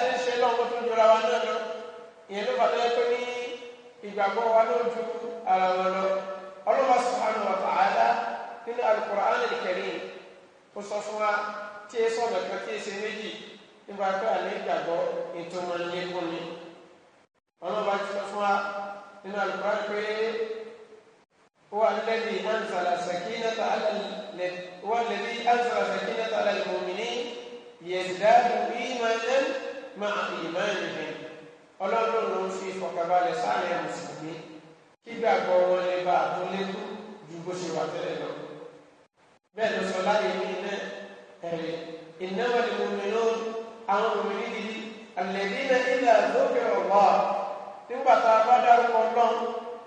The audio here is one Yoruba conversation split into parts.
ṣe ń ṣe lọ́wọ́ tó ń jọra wa náà lọ ìyẹn ló fàtọ́ yẹ pé ní ìgbàgbọ́ wa ló ju ara wọn lọ ọlọ́wọ́ sùhánù ọ̀tà àdá nínú Al-Qur'an Al-Karim kó sọ fún wa tí ẹ sọ̀rọ̀ kan tí ẹ ṣe méjì nípa pé àlẹ́ ìgbàgbọ́ ètò wọn lé mi ọlọ́wọ́ ti sọ fún wa nínú Al-Qur'an pé هو الذي أنزل سكينة على ال... هو الذي أنزل سكينة على المؤمنين يزدادوا إيمانا máa ìmánìhìn ọlọ́run ló ń fi ìfọ̀kànbalẹ̀ sáré mùsùlùmí kí gbàgbọ́ wọn lè bá àtúnlẹ́kùn ju bó ṣe wà tẹ́lẹ̀ lọ. bẹ́ẹ̀ ló sọ láyé ní iná ẹ̀rí ìnáwó ni mo mìíràn àwọn òmìnirí yìí àlẹ́bí náà ilẹ̀ lókè ọ̀wá nígbà tá a bá dárúkọ náà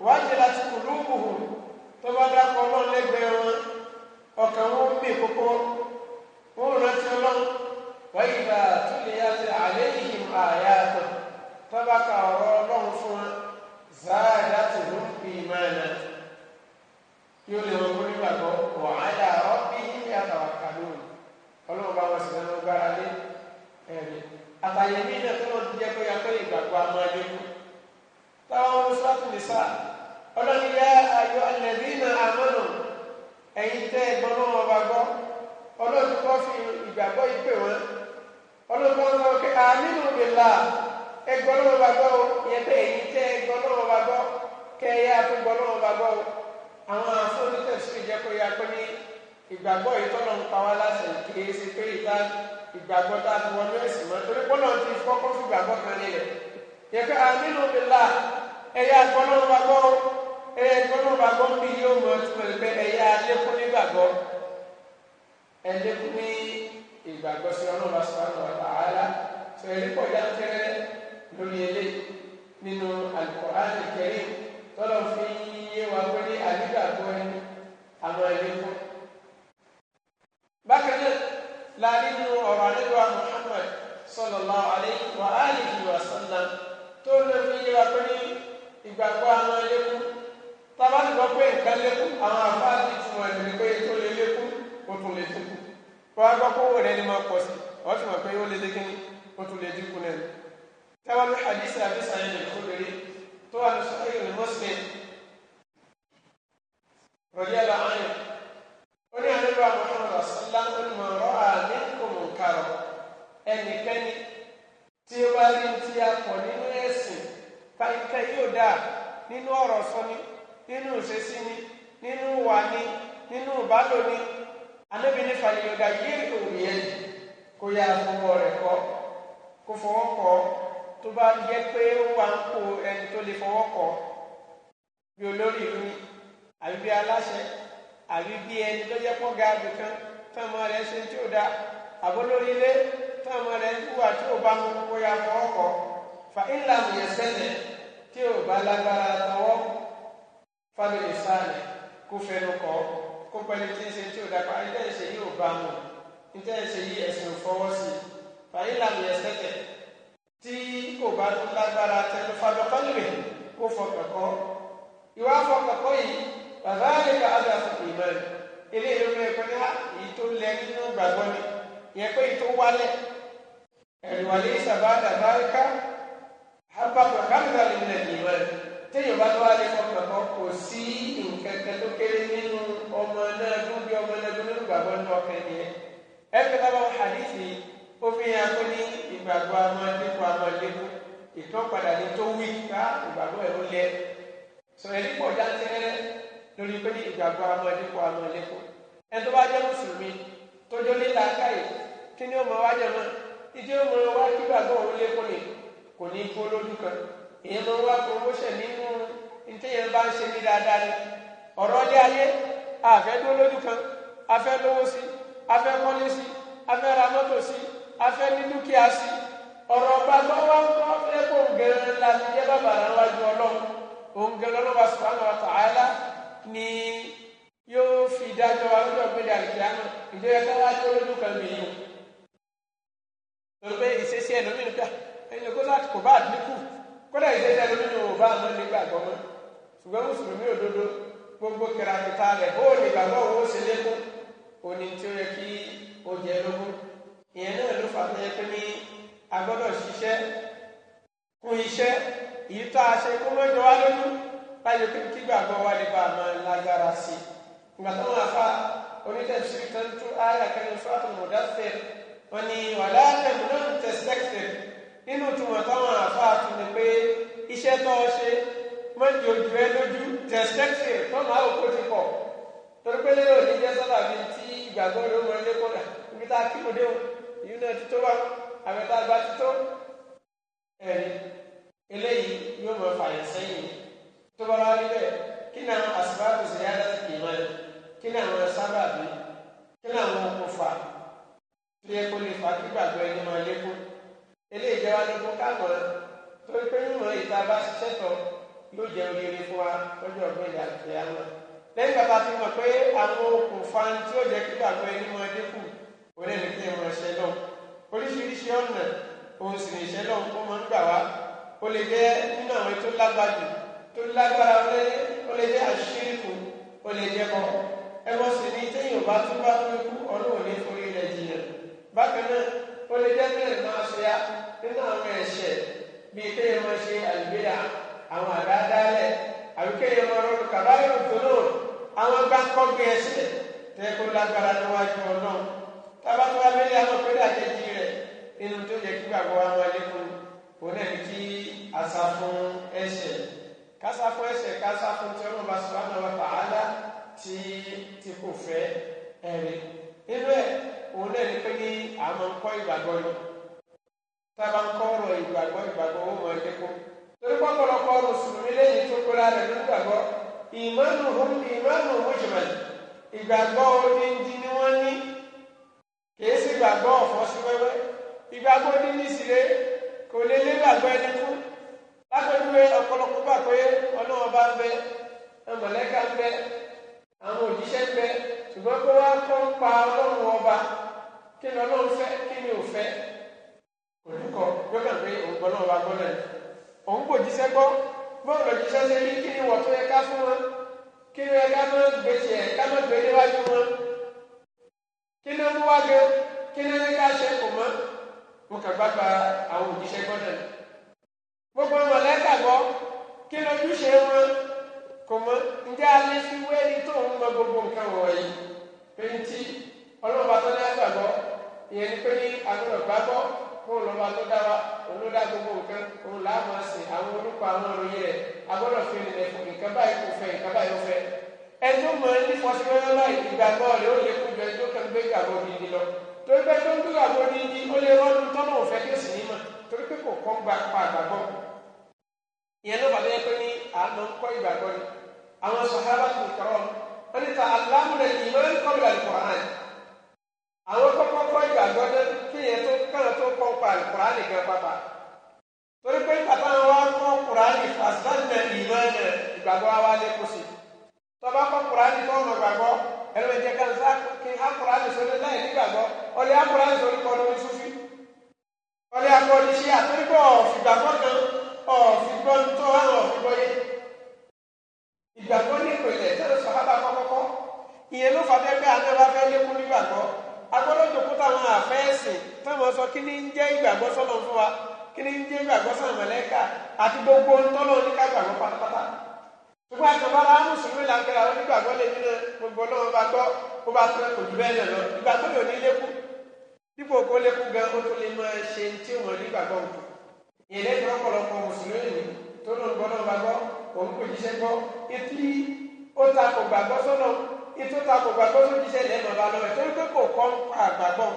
wájú láti kùlùkùhù tó bá dárúkọ náà lẹ́gbẹ̀ẹ́ wọn ọkàn wọn mì kókó wọn rántí ọlọ́run. وإذا تليت عليهم آياته تبقى ربهم زادتهم إيمانا يلهم ربكم وعلى ربهم ọlọ́run bá wọn sì lẹ́nu gbára lé ẹ̀rí àtàyèmí náà tó wọn jẹ́ pé akọ́ ìgbàgbọ́ amáyéku táwọn ọmọ sọ́ọ̀tù nìsá ọlọ́run ọlọ́run kọ́ fi ìgbàgbọ́ ìpè wọn. ọlọ́dún wọn sọ pé àmínú bìlà ẹgbọ́n lọ́wọ́ bá gbọ́ o ìyẹn pé èyí tẹ ẹgbọ́n lọ́wọ́ bá gbọ́ kẹ́ ẹ yá tó gbọ́ lọ́wọ́ bá gbọ́ o àwọn afọ́nítẹ̀sí jẹ́ kó yá pé ní ìgbàgbọ́ ìtọ́nà ń pa wá láṣẹ kìí ṣe pé ìta ìgbàgbọ́ tá a ti wọnú ẹ̀sìn mọ́ torí pọ́nà ti kọ́kọ́ fún ìgbàgbọ́ kan nílẹ̀ yẹ pé àmínú bìlà ẹ̀yà ẹgbọ́n lọ́wọ́ lọ́wọ́ bá gbọ́ ìgbàgbọ́ sí ọlọ́run bá sọ̀rọ̀ àwọn àbáhálà sọ èyí pọ̀ jákèrè lórí ilé nínú Al-Qur'an Al-Karim tọ́lọ̀ fi yé wa pé ní àdúgbàgbọ́ ẹni àwọn ẹni fún. bákan náà la nínú ọ̀rọ̀ àdúgbò Muhammad sallallahu alaihi wa alihi wa sallam. rẹ̀ lè máa pọ̀ sí ọ̀ ti mọ̀ pé ó lè lé kíní ó tún lè dínkù náà táwọn ní hadith àbí sàyẹn lè kó lórí tó wà ní sọ́kè ní Muslim rọ̀díà lọ àárín ó ní àdúrà Muhammad asọ́lá ó ní mọ̀ rọ́ àmì kò mọ̀ nkàrọ̀ ẹnikẹ́ni tí ó bá rí ti akọ̀ nínú ẹ̀sìn káyíkẹ́ yóò dáa nínú ọ̀rọ̀ sọ ni nínú ìṣesí ni nínú wà ni nínú ìbálò ni anabi ní fàyọ̀dà yìí òwúyẹ kó yá fọwọ́ rẹ̀ kọ́ kó fọwọ́ kọ́ tó bá yẹ pé ó wà ń kó ẹni tó lè fọwọ́ kọ́ bí olórí ìlú àbí bí aláṣẹ àbí bí ẹni tó jẹ́ pọ́n gaadì kan fẹ́mọ rẹ̀ ṣe tí ó da àbólórí ilé fẹ́mọ rẹ̀ wúwà tí ó bá mú kó yá fọwọ́ kọ́ fa ìlànà yẹn sẹ́lẹ̀ tí ó bá lágbára lọ́wọ́ fábílì sáà kó fẹnu kọ́ ọ́ kó pẹ̀lú tí ń ṣe tí ò dàpá ilé ìṣe yìí ò bá mu ilé ìṣe yìí ẹ̀sìn fọwọ́ sí i fàyè làmì ẹ̀sẹ̀tẹ̀ tí kò bá tó lágbára tẹnu fàdọ́kọ́lù rẹ̀ kó fọkànkọ́ ìwà fọkànkọ́ yìí bàbá àlejò àgbà fún ìmọ̀ rẹ̀ ilé ìlú rẹ̀ pẹ̀lú èyí tó lẹ nínú gbàgbọ́ ni ìyẹn pé èyí tó wálẹ̀ ẹ̀rìwàlẹ̀ ìsàbà dàbáríkà àbàbà kámẹ́rà lè nílẹ̀ ìmọ̀ rẹ̀ téèyàn bá tó wálé fọkànkọ́ kò sí nǹkan kan tó kéré nínú ọmọ náà fún bí ọmọ náà gbọ́dọ̀ gbàgbọ́ ní ọkàn ẹni yẹn ẹgbẹ́ tábà wọ hadithi ó fi hàn pé ní ìgbàgbọ́ amọ̀dékun amọ̀dékun ìtọ́padà ni tó wí ká ìgbàgbọ́ ẹ̀ ó lẹ sọ̀rọ̀ ẹni pọ̀ jáńtẹ́rẹ́ lórí pé ní ìgbàgbọ́ amọ̀dékun amọ̀dékun ẹni tó bá jẹ́ mùsùlùmí tó jó nílà káyè kí ni ó mọ wájọ náà ìdí ó mọ wá kí gbàgbọ́ òun lékún ni kò ní kó lójú kan èèyàn máa wá promotion nínú ní téèyàn bá ń ṣe ní dáadáa ni ọ̀rọ̀ ọdẹ ayé àfẹ́ dúró lójú kan afẹ́ lówó sí afẹ́ mọ́lé sí afẹ́ ra mọ́tò sí afẹ́ ní dúkìá sí ọ̀rọ̀ ọba lọ́wọ́ ńkọ́ ẹ̀kọ́ òǹgẹ̀rẹ̀ la ti jẹ́ bàbà rẹ̀ wájú ọlọ́run òǹgẹ̀rẹ̀ lọ́wọ́ subhanahu wa ta'ala ni yóò fi dájọ́ arúgbó gbélé àlùkìyàmù ìjọba ká wá dúró lójú kan mi yìí o lórí pé ìṣesí ẹ̀ lómìnira pé ẹni kó láti kò bá àdínkù kódà ìṣesí ẹ̀ lómìnira ò bá àmọ́ nígbàgbọ́ mọ́ ṣùgbọ́n mùsùlùmí òdodo gbogbo kìràkìtà rẹ̀ bó o lè gbàgbọ́ owó ṣe lékún òní tí ó yẹ kí ó jẹ lógún ìyẹn náà ló fà tó yẹ pé ní a gbọ́dọ̀ ṣiṣẹ́ kún iṣẹ́ èyí tá a ṣe kún mọ́jọ wá lójú láyé pé kí gbàgbọ́ wa lè bá a máa lágbára sí i ìgbà tó máa fa onítẹ̀sírí tó ń tú ayé akẹ́ni fúlàtò mọ̀dáfẹ́ wọn ni wàlá tẹ̀mú náà ń tẹ̀sítẹ́kítẹ̀ nínú ìtumọ̀ táwọn àfa àtúndẹ̀ pé iṣẹ́ tó ṣe mọ́jì ojú ẹ lójú tẹ̀sítẹ́sì tọ́nà àwòkó ti pọ̀ torí pé lérò ní jẹ́ sábà bí tí ìgbàgbọ́ rẹ̀ ó mọ ilé kọ́nà ibi tá a kí mo dé o ìyún náà ti tó wá àmì tá a gbá ti tó ẹ̀rí eléyìí yóò mọ fàyè sẹ́yìn tó bá wá níbẹ̀ kí ni àwọn àsìbáàbò sì yára ti kì í mọ́ ẹ kí ni àwọn sábà bí kí ni àwọn okùnfà tí ẹ kó lè fà kí gbàgbọ́ ẹni máa lékún eléyìí jẹ́ wá lóko káàmọ́ torí pé yóò mọ yóò jẹ oríire fún wa lọ́jọ́ ọ̀gbìn ìyá àti ìyá náà lẹ́yìn bàbá ti mọ̀ pé àwọn okùnfà tí ó jẹ́ kí gbàgbọ́ ẹni mọ dínkù òun ẹni kí ẹ mọ ẹsẹ̀ náà oríṣiríṣi ọ̀nà òun sì ní ìṣẹ́ náà ó máa ń gbà wá ó lè jẹ́ nínú àwọn tó lágbàdì tó lágbára ó lè jẹ́ àṣírìkù ó lè jẹ́ kọ́ ẹ mọ̀ sí ní téèyàn bá tún bá tún kú ọlọ́run forí rẹ̀ jìnnà bákan náà ó lè jẹ́ bẹ́ẹ̀ máa ṣe á nínú àwọn ẹ̀ṣẹ̀ bíi téèyàn máa ṣe àlùbẹ́yà àwọn àdáadáalẹ̀ àbíkẹ́ yẹn máa rọrùn kàbáyé òfòló àwọn gbàǹkọ́gbé ẹsẹ̀ tẹ́kọ̀ lágbára níwájú ọ̀nà tábàtúwá mẹ́lẹ̀ àwọn pẹ́lú àjẹjì rẹ̀ inú tó yẹ kí gbàgbọ́ àwọn alẹ́kùn òun náà ní kí àṣà fún ẹsẹ̀ kásá fún ẹsẹ̀ kásá fún tí ọlọ́ba sùpánà wà tààlà tí tí kò fẹ́ ẹ̀rí nínú ẹ̀ òun náà ní pé ní àmọ́ ń kọ́ ìgbàgbọ́ lọ tábà ń kọ́ ọ̀rọ̀ ìgbàgbọ́ ìgbàgbọ́ ó mọ̀ torí pọ́pọ́lọpọ́ mùsùlùmí lẹ́yìn tó kóra rẹ̀ ló ń gbàgbọ́ ìmánu hum ìmánu mujmal ìgbàgbọ́ odindi ni wọ́n ní kìí sí gbàgbọ́ ọ̀fọ́ sí wẹ́wẹ́ ìgbàgbọ́ odindi sì ré kò lè lé gbàgbọ́ ẹni kú lápẹ́júwe ọ̀pọ̀lọpọ̀ gbà pé ọlọ́wọ́ bá ń bẹ mọ̀lẹ́kà ń bẹ àwọn òjíṣẹ́ ń bẹ ṣùgbọ́n pé wọ́n á kọ́ ń pa ọlọ́run ọba kí ni ọlọ́run fẹ́ kí ni ò fẹ́ kò gbọ́dọ̀ pé òun gbọ́dọ̀ wà gbọ́dọ̀ yìí òun kò jíṣẹ́ gbọ́ bọ́ọ̀lù òjíṣẹ́ ṣe ní kí ni wọ́n tó yẹ ká fún wọn kí ni ká má gbé tiẹ̀ ká má gbé níwájú wọn kí ni wọ́n wá gbé kí ni ká ṣe kò mọ́ mo kà gbàgbà àwọn òjíṣẹ́ gbọ́ náà gbogbo wọn lẹ́tà gbọ́ kí ni ojúṣe wọn kò mọ́ ǹjẹ́ alẹ́ fi wé ní tó ń mọ gbogbo nǹkan wọ̀nyí pé ní tí ọlọ́run bá tọ́lá gbàgbọ́ ìyẹn ni pé ní agbọ́dọ̀ gbàgbọ́ kó olùwà tó dá wa olùdá gbogbo nǹkan òun là á máa sìn àwọn orúkọ àwọn òròyìn rẹ̀ agbọ́dọ̀ fi ilẹ̀ fún nǹkan báyìí kò fẹ́ nǹkan báyìí ó fẹ́ ẹjọ́ mọ ẹni fọsíwẹ́rẹ́ báyìí ìgbàgbọ́ rẹ̀ ó lè kújọ ẹjọ́ kan gbé ìgbàgbọ́ gidi lọ torí pé tó ń gbàgbọ́ gidi ó lè rọ́ọ̀dún tọ́nà òfẹ́ kí ó sì ní mọ̀ torí pé kò kọ́ gba pa àgbàgbọ́ ìyẹn ló bàtẹ́ pé ní àánú ń gbàgbọ́ dé kéèyàn tó kánà tó kọ́ pa Kùránì gan pàpà torí pé kàtà wa kọ́ Kùránì fàṣẹ́nà ìmọ̀ ẹ̀ ìgbàgbọ́ wa lé kó sí tọ́ba kọ́ Kùránì tó ọ̀nà gbàgbọ́ ẹ̀rọ kan sá kí á Kùránì sórí láì nígbàgbọ́ ọ̀lẹ́ á Kùránì sórí kọ́ lórí Súfì ọ̀lẹ́ akọni ṣe àtúntò ọ̀fìgbàgbọ́ kan ọ̀fìgbọ́ tó hàn ọ̀fìgbọ́ yé ìgbàgbọ́ ní ìpìlẹ̀ tẹ́lẹ̀ sọ̀hábà kọ́kọ́kọ́ ìyẹn ló fà bẹ́ẹ̀ pé àná bá fẹ́ lékún nígbàgbọ́ agbọ́dọ̀jọ kó táwọn àfẹ́sìn táwọn sọ kí ni ń jẹ́ ìgbàgbọ́ sọ́nà fún wa kí ni ń jẹ́ ìgbàgbọ́ sọ́nà mọ̀lẹ́kà àti gbogbo ńtọ́nà oníkà gbàgbọ́ pátápátá. ṣùgbọ́n àtọ̀bára mùsùlùmí là ń pera wọn nígbàgbọ́ lè nínú gbogbo náà wọn bá gbọ́ ó bá tún kò jù bẹ́ẹ̀ lẹ̀ lọ ìgbàgbọ́ yóò ní lékú dípò kó lékú gan ó tún lè máa ṣe tí wọn nígbàgbọ́ wọn. ìyẹn lẹ́yìn ọ̀pọ̀lọpọ̀ mùsùlùmí ètò ìtakò gbàgbọ́ tó màbá kò kọ́ ń àgbàgbọ́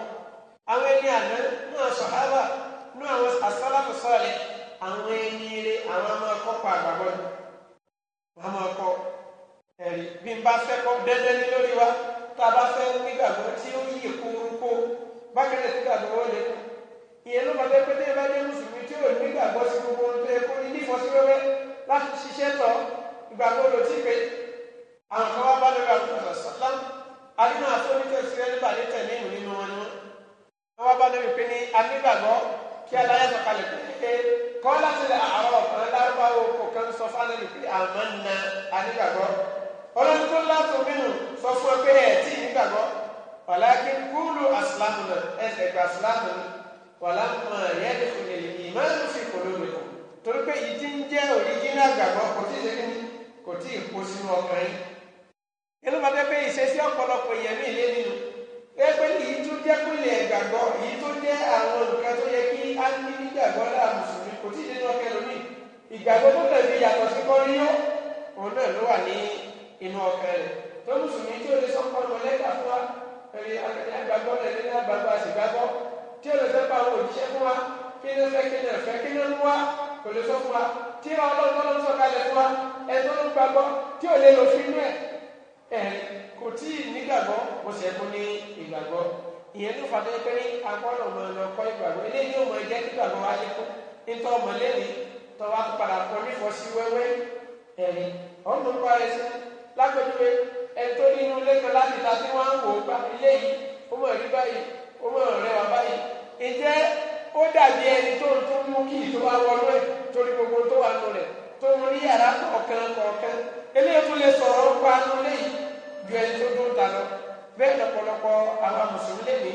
àwọn ẹni àná náà sọ̀hábà ní àwọn asálàfù sọ̀lẹ̀ àwọn ẹni eré àwọn a máa pa àgbàgbọ́ ni wọ́n máa ẹ̀rí bí n bá fẹ́ kọ́ dẹ́dẹ́ ní lórí wa tá a bá fẹ́ nígbàgbọ́ tí ó yí bákẹ́lẹ̀ tí gbàgbọ́ ìyẹn ló máa àwọn kan lórí àtúntò sọ́lám alínú àti onítẹ̀sí ẹlẹ́bà ní tẹ̀lé ìwé nínú wọn ni wọn. wọ́n wá lórí pé ní kí aláyà sọ kalẹ̀ pé kọ́ láti lè àárọ̀ ọ̀kan lárúbáwò kò kán sọ fánẹ́lì pé àmọ́ na anígbàgbọ́. ọlọ́run tó látò sọ fún ẹ pé tí ẹsẹ̀ gba ni fún fi torí pé ìdí ń jẹ́ inú ma dé pé ìṣesí ọ̀pọ̀lọpọ̀ èèyàn mí lé nínú pé pé èyí tó jẹ́ pínlẹ̀ ìgbàgbọ́ èyí tó jẹ́ àwọn nǹkan tó yẹ kí á ní nígbàgbọ́ láà mùsùlùmí kò tí ì dénú ọkẹ lómi ìgbàgbọ́ tó tẹ̀lé yàtọ̀ sí kọ́ríyọ́ òun náà ló wà ní inú ọkẹ rẹ̀ tó mùsùlùmí tí ó lè sọ́kọ́ lọ lẹ́gbà fún wa ẹ̀rí àgbàgbọ́ rẹ̀ nínú àgbàgbọ́ àṣìgbàgbọ́ tí ó lè fẹ́ bá àwọn òjíṣẹ́ fún wa kí ló fẹ́ kí ló fẹ́ kí ló ń wá kò lè sọ fún wa tí kò tí ì nígbàgbọ́ kò sì ẹ̀kún ní ìgbàgbọ́ ìyẹn ló fà tó pé agbọ́dọ̀ mọ ẹ̀rọ kọ́ ìgbàgbọ́ eléyìí ò mọ nígbàgbọ́ wa ṣe kú nítorí ọmọ lẹ́ni tó wá padà nífọ̀ sí wẹ́wẹ́ ta tí wọ́n ń wò eléyìí ó mọ̀ rí báyìí ó mọ̀ rẹ̀ wá báyìí ǹjẹ́ ó dàbí ẹni tó ju ẹni tó dún ta lọ bẹ́ẹ̀ lọ́pọ̀lọpọ̀ àwọn mùsùlùmí lè ní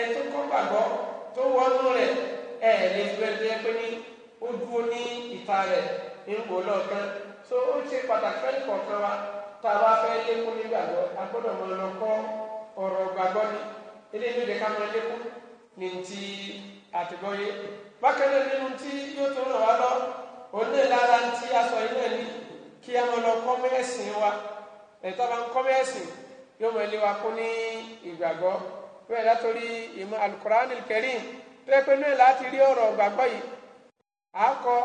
ẹni tó kọ́ gbàgbọ́ tó wọnú rẹ̀ ẹ̀ lè ju ẹni tó yẹ pé ní ó dúró ní ìta rẹ̀ nípò lọ́ọ̀kan so ó ṣe pàtàkì fẹ́ẹ́ kọ̀ọ̀kan wa tá a bá fẹ́ lékún nígbàgbọ́ a gbọ́dọ̀ mọ lọ kọ́ ọ̀rọ̀ gbàgbọ́ ni eléyìí lè ká mọ lékún ní ti àtìgbọ́yé bákan náà nínú tí ẹ̀tọ́ bá ń kọ́mẹ́sì yóò mọ̀ ẹlẹ́wà kún ní ìgbàgbọ́ bẹ́ẹ̀ látòrí ìmọ̀ alukurani kẹrin tó náà láti rí ọ̀rọ̀ gbàgbọ́ yìí àkọ́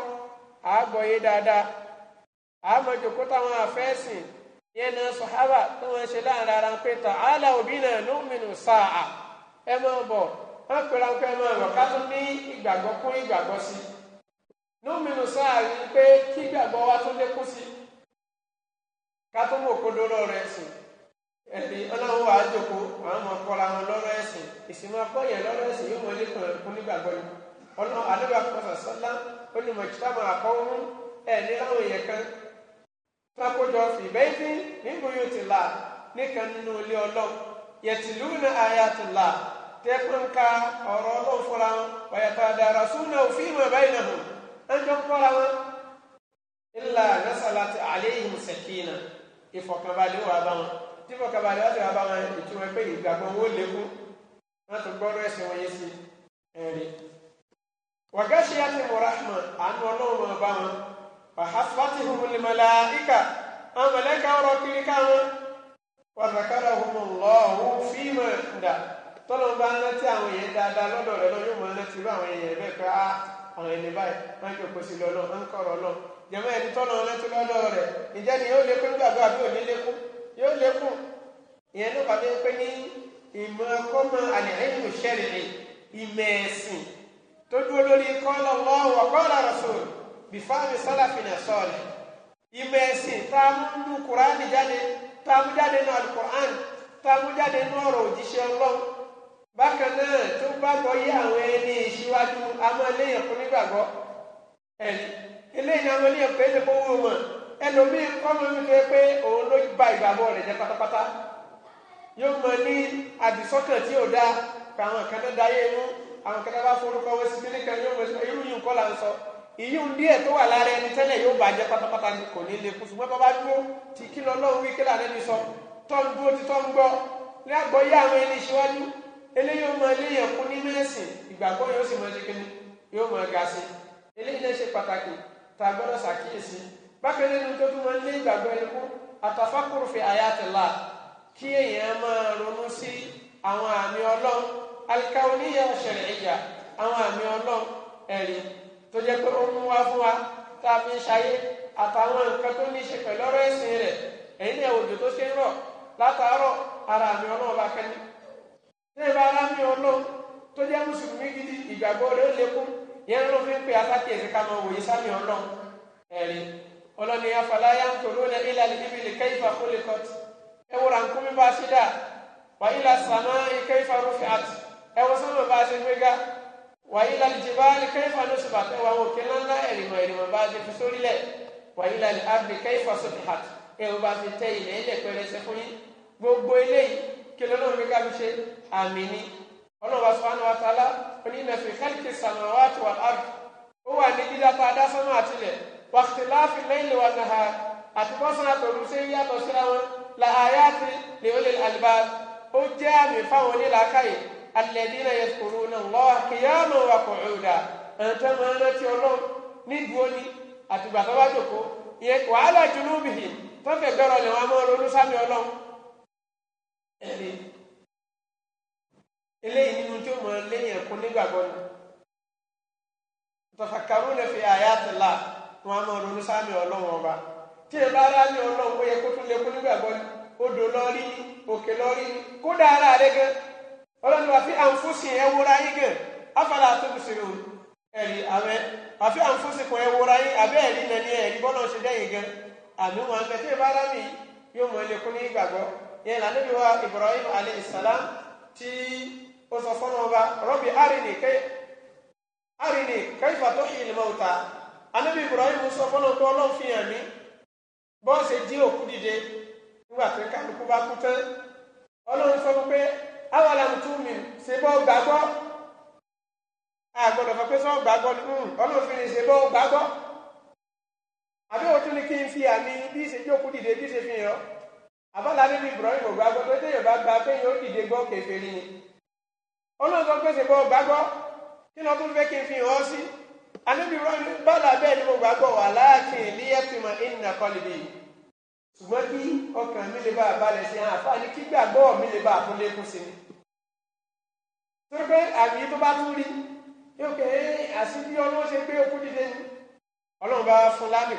àgbọ̀yé dáadáa àmọ̀jòkó táwọn afẹ́sìn yẹn náà sọ̀hábà tó wọ́n ṣe láàrin ara ń pè tà áàlà òbí náà ló mìnú sáà ní ìgbàgbọ́ kún kátó mọ òkodo lọ́rọ̀ ẹ̀sìn ẹni Ọlọ́run wàá jòkó àwọn ọmọ kọra wọn lọ́rọ̀ ẹ̀sìn ìsìnkú akọyẹ lọ́rọ̀ ẹ̀sìn yóò mọ ilé kan kó nígbàgbọ́ ni Ọlọ́run àdébà kọsà sọlá ó ní mọ̀jítà máa kọ́ wọn ẹni láwọn èèyàn kan lákòjọ fìbẹ́ẹ́fì níbo yóò ti là nìkan nínú ilé Ọlọ́run yẹtìlú ní ayatollah tẹ́kùnká ọ̀rọ̀ Ọlọ́run fúnra wọn wàyàtọ̀ àdàrà súnà òfin mọ̀ báyìí náà ẹnjọ́ ìfọ̀kànbalẹ̀ wà bá wọn tí ìfọ̀kànbalẹ̀ wà sí wà bá wọn ìtumọ̀ pé ìgbàgbọ́ wọn ó lékún wọn tún gbọ́dọ̀ ẹ̀sìn wọn yé sí ẹ̀rí. wàgáṣe àti mọ̀ràhmà àánú ọlọ́run máa bá wọn wàhásíwájú ìhùnmùlẹ̀ màláìkà àwọn mọ̀lẹ́kà ọ̀rọ̀ kiri káwọn wàzàkàrà ọ̀húnmọ̀lọ́ọ̀hún fíìmọ̀ ǹdà ń rántí jẹ̀mọ́ ẹni tọ́nà ọlẹ́tọ́ lọ́dọ̀ rẹ̀ ǹjẹ́ ni yóò lékún gbàgbọ́ àbí òní lékún yóò lékún ìyẹn ló pàdé pé ní ìmọ̀ kọ́mọ àlẹ́hìnmù ṣẹ́rìí ìmọ̀ ẹ̀sìn tó dúró lórí kọ́lọ̀ lọ́wọ́ kọ́lọ̀ rasul bífáàmì sálàfin sọ́ọ̀lẹ̀ ìmọ̀ ẹ̀sìn tá a mú nú kuraani jáde tá a mú jáde nú alukur'an tá a mú jáde nú ọ̀rọ̀ òjíṣẹ́ ọlọ́run bákan náà tó gbàgbọ́ yé àwọn ẹni ìṣíwájú amáléyàn fún nígbàgbọ́ ẹni eléyìí àwọn oníyàn pé ṣe fowó wọn ẹlòmíín kọ́mọ mi fẹ́ pé òun ló ba ìgbàgbọ́ rẹ̀ jẹ́ pátápátá yóò mọ ní àdìsọ́kàn tí ò dáa pé àwọn kan náà dáyé mú àwọn kan náà bá forúkọ wọn sí kíní kan yóò mọ irú yìí kọ́ là ń sọ ìyíhun díẹ̀ tó wà lára ẹni tẹ́lẹ̀ yóò bàjẹ́ pátápátá ni kò ní lè kú ṣùgbọ́n bá bá dúró tí kí lọ lọ́wọ́ wí kí lànà ni sọ tọ́ ń dúró tí tọ́ ń gbọ́ ní àgbọ́yé àwọn ẹni ṣíwájú eléyìí mọ eléyìí ẹ̀kú ní mẹ́sìn ìgbàgbọ́ yóò sì mọ ṣe kíní yóò mọ ga tá a gbọ́dọ̀ ṣàkíyèsí bákan nínú tó tún máa ń lé ìgbàgbọ́ ẹni kú àtàfàkùrù fi àyàtìlá kí èèyàn máa ronú sí àwọn àmì ọlọ́run alikawoniya ṣẹ̀ríyà àwọn àmì ọlọ́run ẹ̀rí tó jẹ́ pé ó mú wá fún wa tá a fi ń ṣayé àtàwọn nǹkan tó ní í ṣe pẹ̀lú ọ̀rọ̀ ẹ̀sìn rẹ̀ ẹ̀yìn ní òjò tó ṣe ń rọ̀ látàárọ̀ ara àmì ọlọ́run bá kẹ́ni. ní ìbára mi ọlọ́run tó jẹ́ mùsùlùmí gidi ìgbàgbọ́ rẹ̀ ó lékún yẹn ló fi ń pè asákè ẹsẹ ká máa wòye sámi ọlọ́run ẹrí ọlọni afalaya ń tòrò ní ilà níbi lè kẹfà kólẹkọt ẹ wò rànkúmi bá ṣe dà wà ilà sàmà kẹfà rúfẹ àt ẹ wò sọmọ bá ṣe gbéga wà ilà jìbá kẹfà lọsùbà ẹ wà òkè ńláńlá ẹrìmọ ẹrìmọ bá ṣe fi sórí lẹ wà ilà abdi kẹfà sọfì àt ẹ wò bá ṣe tẹ ilẹ̀ ilẹ̀ pẹrẹsẹ fún yín gbogbo eléyìí kí lọ́nà ó ní nàfi kálíkì sàmàwátì wà lárú ó wà ní dídá tá a dá sánmà àtìlẹ̀ wàkìtì láàfin lẹ́yìn wà nàá àti bọ́sán àtọ̀rù ṣe ń yàtọ̀ síra wọn la àyàtì lè ó lè àlùbá ó jẹ́ àmì fáwọn onílàákàyè alẹ́dínà yẹ kúrú náà lọ́wọ́ kìyàmù wà kọ̀ọ̀dà ẹ̀ńtẹ́ máa ń rántí ọlọ́run ní ìdúróní àtìgbà tó bá jòkó wàhálà jùlọ bìhì tó fẹ́ gbẹ́rọ̀ lè wọn mọ́ ronú sámi eléyìí nínú tí ó mọ lẹ́yìn ẹ̀kọ́ nígbàgbọ́ ni fi àyà àtìlá wọn a máa ronú sáàmì ọlọ́run ọba tí ẹ bá rá ní ọlọ́run ó yẹ kó tún lè kó nígbàgbọ́ ni òkè ni ara rẹ gan ọlọ́run wà fi àǹfóṣì ẹ wúra yín gan afárá tó bù sèrè òun àwẹ fi àǹfóṣì kan ẹ wúra yín àbẹ́ ẹ̀rí nàní ẹ̀rí bọ́lá ṣe àmì wọn bẹ tí ó sọ fọ́nà ọba rọ́bì arìnì arìnì kaifa mauta ibrahim sọ fọ́nà pé ọlọ fi hàn mí bọ́ọ̀sì jí òkú dìde nígbà tó kálukú pé awalam tu'min ṣe bọ́ gbàgbọ́ àgbọ̀dọ̀ fọ́pẹ́ sọ ni hmm, fi ṣe àbí òtún ni kí n fi àmì bí ṣe jókòó dìde bí ṣe fi hàn abala níbi tó dé yorùbá gba pé yóò dìde ni. ọlọ́run sọ pé ṣèpọ̀ kí ló tún fẹ́ kí n fi hàn sí anábì rọ ní bọ́ọ̀lù abẹ́ ni mo gbàgbọ́ wà láàkì ìlíyẹ́tìmọ̀ ìnà kọlìbì ṣùgbọ́n kí ọkàn mi lè bá a balẹ̀ sí kí gbàgbọ́ mi lè bá a fún sí ni. pé tó bá tún rí yóò kẹ́ ẹ́ ọlọ́run ṣe okú ni ọlọ́run bá fún lámì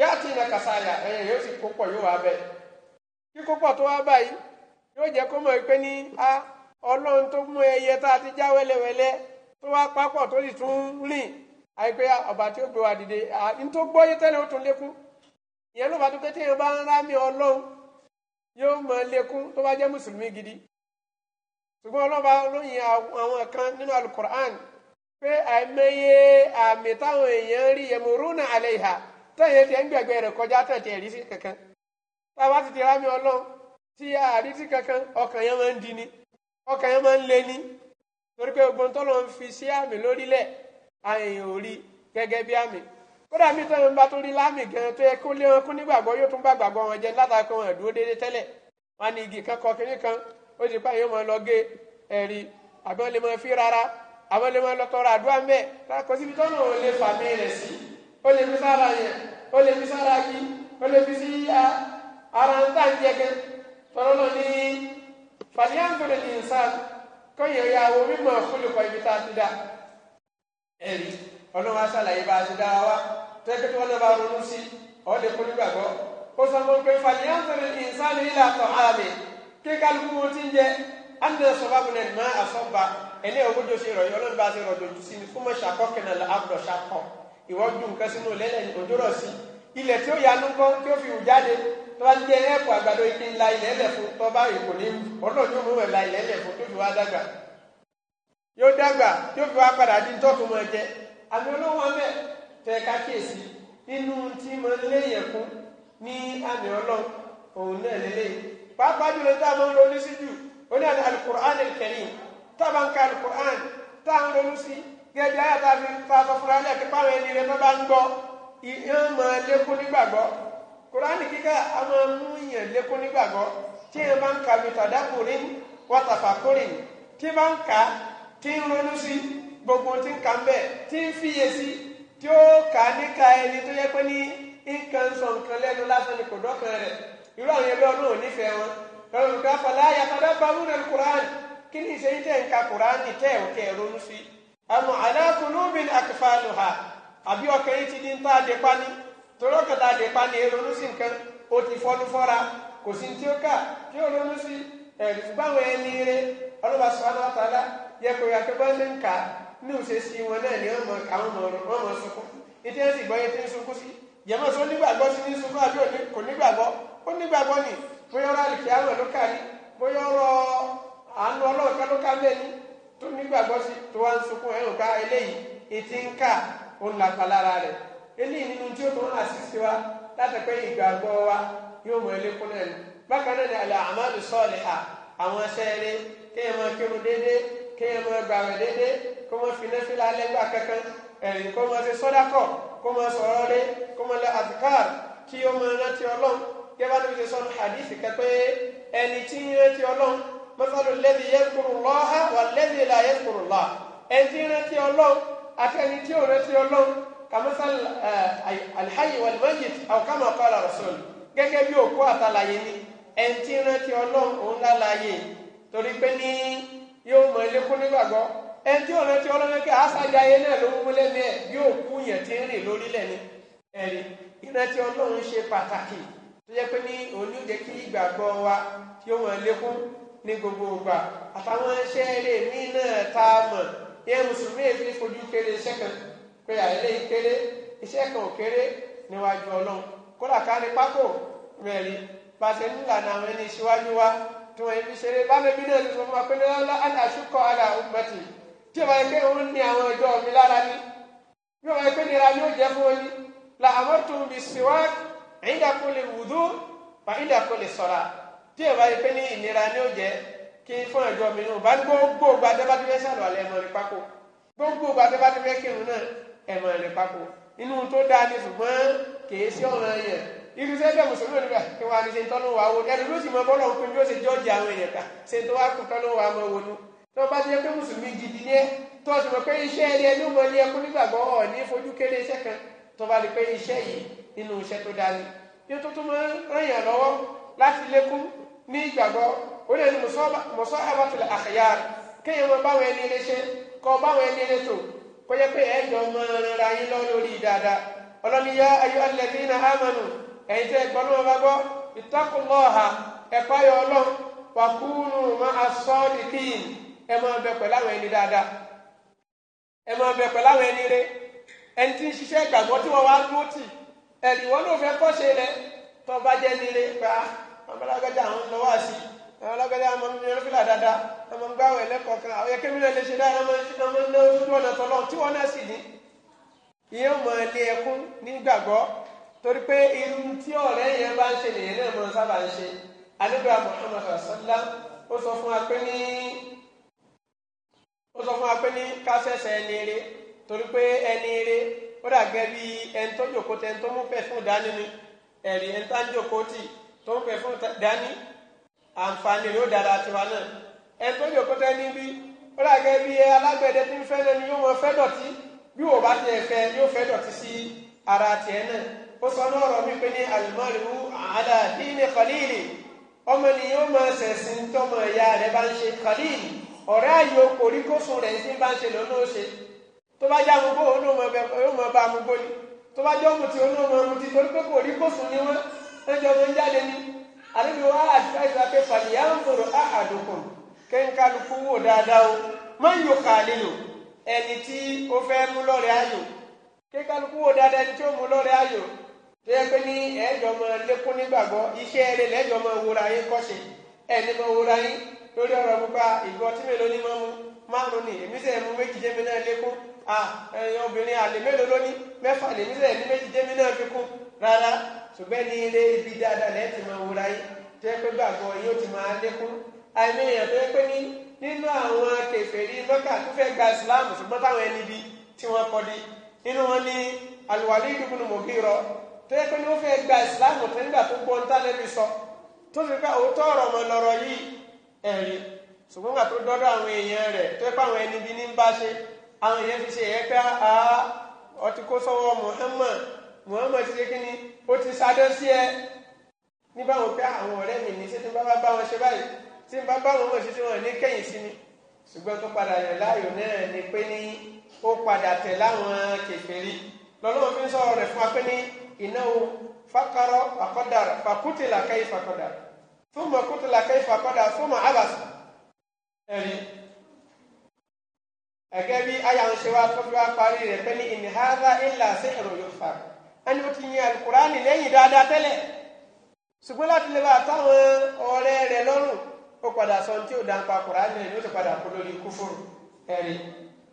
yá àti iná kàsáyà ẹ̀yẹ eh, yóò sì kó yóò wá bẹ́ẹ̀ tó wá báyìí yóò jẹ́ kó mọ̀ pé ní a ọlọ́run tó mú ẹyẹ tá a ti já wẹ́lẹ́wẹ́lẹ́ tó wá pápọ̀ tó sì tún rìn àìpé ọba tí ó gbé wa dìde tẹ́lẹ̀ ó tún lékún ìyẹn ló bá tó pé téèyàn bá ń rá mi ọlọ́run kan nínú alukur'an pé àìmọye àmì táwọn èèyàn rí àlẹ́ tẹ̀yẹ tiẹ̀ ń gbẹ̀gbẹ́ rẹ̀ kọjá tẹ̀ tiẹ̀ rí sí kankan tá a bá ti ti rámi ọlọ́run tí a rí sí kankan ọkàn yẹn máa ń di ni ọkàn yẹn máa ń lé ni torí pé ogun tọ́lọ́ ń fi sí àmì lórílẹ̀ àyìn ò rí gẹ́gẹ́ bí àmì kódà mi tẹ́lẹ̀ ń bá tó rí láàmì gan tó yẹ kó lé wọn nígbàgbọ́ yóò tún bá kan kọ kínní kan ó pa máa lọ gé ẹ̀rí lè máa fi rárá lè máa lọ ó lè fi sára yẹn ó lè fi sára kí ó lè fi sí ara ń tà ń jẹgẹ tọ́lọ́ náà ní fàlíyàntòlè ní nsán kọ́yìn ẹ̀yà wo mímọ̀ fúlùkọ́ ibi tá a ti dá ẹ̀rí ọlọ́run aṣàlàyé bá a ti dá wa tẹ́kẹ́ tí wọ́n náà bá ronú sí ọ́ lè kó nígbàgbọ́ ó sọ fún pé fàlíyàntòlè ní nsán ilà tọ̀ àmì kí kálukú wo ti ń jẹ anna sababu na ma asọba ẹni ọgbọdọ ṣe rọ yọlọ bá ṣe rọ dojú sí ni fún mọ ìwọ́jú nǹkan sínú lẹ́lẹ̀ òjò rọ̀ sí ilẹ̀ tí ó yanu kọ́ tí ó fi hù jáde tó bá ń jẹ ẹ̀kọ́ àgbàdo ike ńlá ilẹ̀ ẹ̀lẹ̀ fún tó bá èkó ní ọlọ́ọ̀ni ó mú ẹ̀ la ilẹ̀ ẹ̀lẹ̀ fún tó fi wá dàgbà yóò dàgbà tó fi wá padà di tó fi mọ jẹ àmì olóhùn ọmọ ẹ tẹ ká kíyèsí nínú tí mo léyìn fún ní àmì ọlọ́run òun náà lélẹ́yìn pàápàá gẹ́gẹ́ ayáta fi ta sọ fúnra ni kípa àwọn ẹni rẹ tó bá ń gbọ́ ìyẹn máa lékún nígbàgbọ́ kúránì kíkà á máa mú yẹn lékún nígbàgbọ́ tí yẹn bá ń ka mi tàdákùnrin wọ́tàfàkùnrin tí bá ń ka tí ń ronú sí gbogbo tí ń ka ń bẹ̀ tí ń fiyè sí tí ó kà níka ẹni tó yẹ pé ní nǹkan sọ nǹkan lẹ́nu lásán ni kò dọ́kan rẹ̀ irú àwọn ẹgbẹ́ ọlọ́run ò nífẹ̀ẹ́ wọn lọ́run kí wọ́n fọlá yàtọ̀ dábàá kí ni ìṣe yín tẹ̀ ń ka kúránì tẹ̀ ò tẹ̀ ronú sí ẹnu aláàkúnúbìn akífàánù ha àbí ọkàn yìí ti di ń tá a dé pani torí ọkàn tá a dé pani sí nǹkan ó ti fọnú fọ́ra kò sí tí ó kà tí ó sí ẹ̀rí báwọn ẹni ọlọ́ba ọ̀tàlá yẹ kó bá ní ni wọn mọ sunkún ìdí ìgbọ́ yẹn ti ń sunkún sí yẹmọ tó nígbàgbọ́ sí tó wá ń sunkún ẹ̀rùn ká ah, eléyìí etí ń kà ó ń lapa lára rẹ̀ eléyìí nínú tí ó tó ń àṣìṣe wa láti pé ìgbàgbọ́ wa yóò mọ elékún náà ni bákan náà ni àlẹ́ àmàlù sọ́ọ̀lì hà àwọn ẹsẹ̀ rẹ̀ kéèyàn máa kírun déédéé kéèyàn máa gbàwẹ̀ déédéé kó máa fi náà fílà lẹ́gbà kankan ẹ̀rìn kó máa ṣe sọ́dákọ̀ kó máa sọ̀rọ̀ rẹ̀ kó máa lọ àtìkáàr kí ó máa rántí ọlọ́run gẹ́gẹ́ bá níbi ṣe sọ́nu mọ́sálù lẹ́dí yẹ́kùrù lọ́ha wà lẹ́dí là yẹ́kùrù lọ́ ẹtí rántí ọlọ́run àtẹni tí ò rántí ọlọ́run kàmọ́sálù alhayi wàlúmọ́yìt àwọn kàmá kọ́lá rasul gẹ́gẹ́ bí òkú àtàlàyé ni ẹtí rántí ọlọ́run òun lálàyé torí pé ní yóò mọ elékún nígbàgbọ́ ẹtí ò rántí ọlọ́run kí àṣàjà ayé náà ló mú lẹ́nu ẹ̀ yóò kú yẹn ti ń yẹ ní gbogbo ìgbà àtàwọn iṣẹ́ eré mi náà tá a mọ̀ ìyẹn mùsùlùmí èyí fi fojú kéré iṣẹ́ kan pé àìlè kéré iṣẹ́ kan ò kéré níwájú ọlọ́run kódà ká ní pákó mẹ́rin pàṣẹ nílànà àwọn ẹni ìṣíwájú wa tí wọ́n fi ṣeré bámẹ́bí náà ti sọ fún wa pé lọ́lá aláṣúkọ aláhùnmọ́tì tí wọ́n yẹ pé òun ní àwọn ọjọ́ mi lára ní bí wọ́n pé nira ni ó jẹ́ fún oyin la àmọ́tún bí siwá ìdàkùn lè wùdú ìdàkùn lè sọ̀rọ̀ tí ẹ bá yẹ pé ní ìnira ni ó jẹ kí fún ẹjọ mi nù bá gbogbo gba tẹ bá ti fẹ́ sàlọ alẹ ẹmọ rẹ pákó gbogbo gba tẹ bá ti fẹ́ kírun náà ẹmọ rẹ pákó inú tó dáa ni ṣùgbọ́n kìí sí ọ̀ràn yẹn irú sẹ́dẹ̀ mùsùlùmí nígbà kí wọ́n á ní ṣe ń tọ́nú wa wo ẹni ló sì mọ bọ́lọ̀ ń bí ó ṣe jọ́ọ̀jì àwọn èèyàn ká ṣe tó wá kú tọ́nú wa mọ wọnú tó bá ti yẹ pé mùsùlùmí gidi ni ẹ tó o sì mọ̀ pé iṣẹ́ ẹni ẹni ó mọ ní ẹkún nígbàgbọ́ ọ̀ ní fojú kéré iṣẹ́ kan tó bá di pé iṣẹ́ yìí nínú iṣẹ́ tó dáa ni bí tó tó máa ń lọ́wọ́ láti lékún ní ìgbàgbọ́ ó lè ní musahabatul akhyar kéèyàn máa báwọn ẹni ilé ṣe kọ́ báwọn ẹni ilé tò kó yẹ pé ẹ̀jọ̀ máa rara yín lọ lórí dáadáa ọlọ́niyá ayọ́ alladhina amanu ẹ̀yin tẹ́ ẹ̀gbọ́n náà bá gbọ́ ittaqullaha ẹ̀páyọ̀ ọlọ́run wàkúrú máa sọ́ọ̀dìkìn ẹ máa bẹ pẹ̀lú àwọn ẹni dáadáa ẹ máa bẹ pẹ̀lú àwọn ẹni rẹ ẹni tí ń ṣiṣẹ́ ìgbàgbọ́ tí wọ́n wá dúró tì ẹ̀rì wọn ló fẹ́ kọ́ rẹ tó bá jẹ́ nílé pa á àwọn alágbádá àwọn ń lọ wá sí àwọn alágbádá àwọn ọmọ nínú fílà dáadáa àwọn ń gbáwẹ̀ lẹ́kọ̀ọ́ kan àwọn ẹ̀kẹ́ mi náà lè ṣe dáadáa máa ń ṣe máa ń ná ojú ọ̀nà tọ́lọ́ tí wọ́n náà sì ní. ìyẹn mọ ilé ẹkún nígbàgbọ́ torí pé irú tí ọ̀rẹ́ yẹn bá ń ṣe nìyẹn náà mọ sábà ń ṣe alẹ́gbẹ́ Muhammad sallam ó sọ fún wa pé ní ó sọ fún wa pé ní káfẹ́sẹ̀ ẹni eré torí pé ẹni eré ó dà gẹ́ bí ẹni tó jòkó tẹ ẹni tó mú pẹ̀ fún ìdánimí ẹ̀rí ẹni tá ń jòkó tì tó ń bẹ fún dání àǹfààní ló dára tiwa náà ẹni tó jòkó tẹ́ níbí ó rà gẹ́gẹ́ bí alágbẹ̀dẹ tí ń fẹ́ lẹ́nu yóò wọ́n fẹ́ dọ̀tí bí wò bá tiẹ̀ fẹ́ yóò fẹ́ dọ̀tí sí ara tiẹ̀ náà ó sọ náà rọ̀ mí pé ní àlùmọ́ọ̀lù àádá dínní kọ́líìlì ọmọ ni yóò máa ṣẹ̀sìn tọmọ ìyá rẹ̀ bá ń ṣe kọ́líìlì ọ̀rẹ́ àyò kòríkòsùn rẹ̀ ti bá ń ṣe lọ́nà ó ṣe tó bá já amúgbó ó náà mọ bá amúgbó ni tó bá jọ́ mutí ó náà mọ mutí torí pé kòríkòsùn ni wọ́n ẹjọ́ tó ń jáde ní àlejò wa àdìsáìsì pé fàlìyà ń bòrò àdùkùn kẹ́ńkálukú wò dáadáa o máa ń yọ kàlíyò ẹni tí ó fẹ́ mú lọ́rẹ̀ ayò kẹ́ńkálukú wò dáadáa ẹni tí ó mú lọ́rẹ̀ ayò tó yẹ pé ní ẹ̀ẹ́dọ̀ máa lékún nígbàgbọ́ iṣẹ́ rẹ̀ lẹ́ẹ̀dọ̀ máa wúra yín kọ́ṣe ẹni máa wúra yín lórí ọ̀rọ̀ pupa ìgbọ́ tí mélòó ní máa mú márùn ni èmi sẹ́yìn mú méjì jẹ́mi náà lékún obìnrin àlè mélòó lóní mẹ́fà lèmi sẹ́yìn ní méjì jẹ́mi náà fi rárá ṣùgbọ́n ní ilé ibi dáadáa lẹ́yìn tí máa wúra yín tó pé gbàgbọ́ yóò ti máa lékún àìmọ̀ èèyàn tó yẹ pé ní nínú àwọn kèfèrí mọ́kà tó fẹ́ gba ìsìláàmù ṣùgbọ́n táwọn ẹni bí tí wọ́n kọ́ di wọn ní Al-Walid ibn Mughira tó yẹ pé ní wọ́n fẹ́ gba ìsìláàmù tó nígbà tó gbọ́ níta lẹ́nu sọ tó fi pé òótọ́ ọ̀rọ̀ ọmọ lọ́rọ̀ yìí ẹ̀rí ṣùgbọ́n gbà tó dọ́dọ̀ muhammadu ṣe kí ni ó ti sadọ sí ẹ ní báwọn pé ah, àwọn ọ̀rẹ́ mi ní ṣé tí bá bá wọn ṣe báyìí tí n bá bá wọn mọ̀ ṣe tí wọn ní kẹ́yìn sí mi ṣùgbọ́n tó padà yàn láàyò náà ni pé ní ó padà tẹ̀ láwọn kèfèrí lọ́lọ́wọ́n fi ń sọ̀rọ̀ rẹ̀ fún wa pé ní ìnáwó bí ayà ẹni ó ti yin alukurani lẹ́yìn dáadáa tẹ́lẹ̀ ṣùgbọ́n láti lè bá táwọn ọ̀rẹ́ rẹ̀ lọ́rùn ó padà sọ tí ò dáńpa kurani rẹ̀ ló ti padà kó lórí kúfúrú ẹ̀rí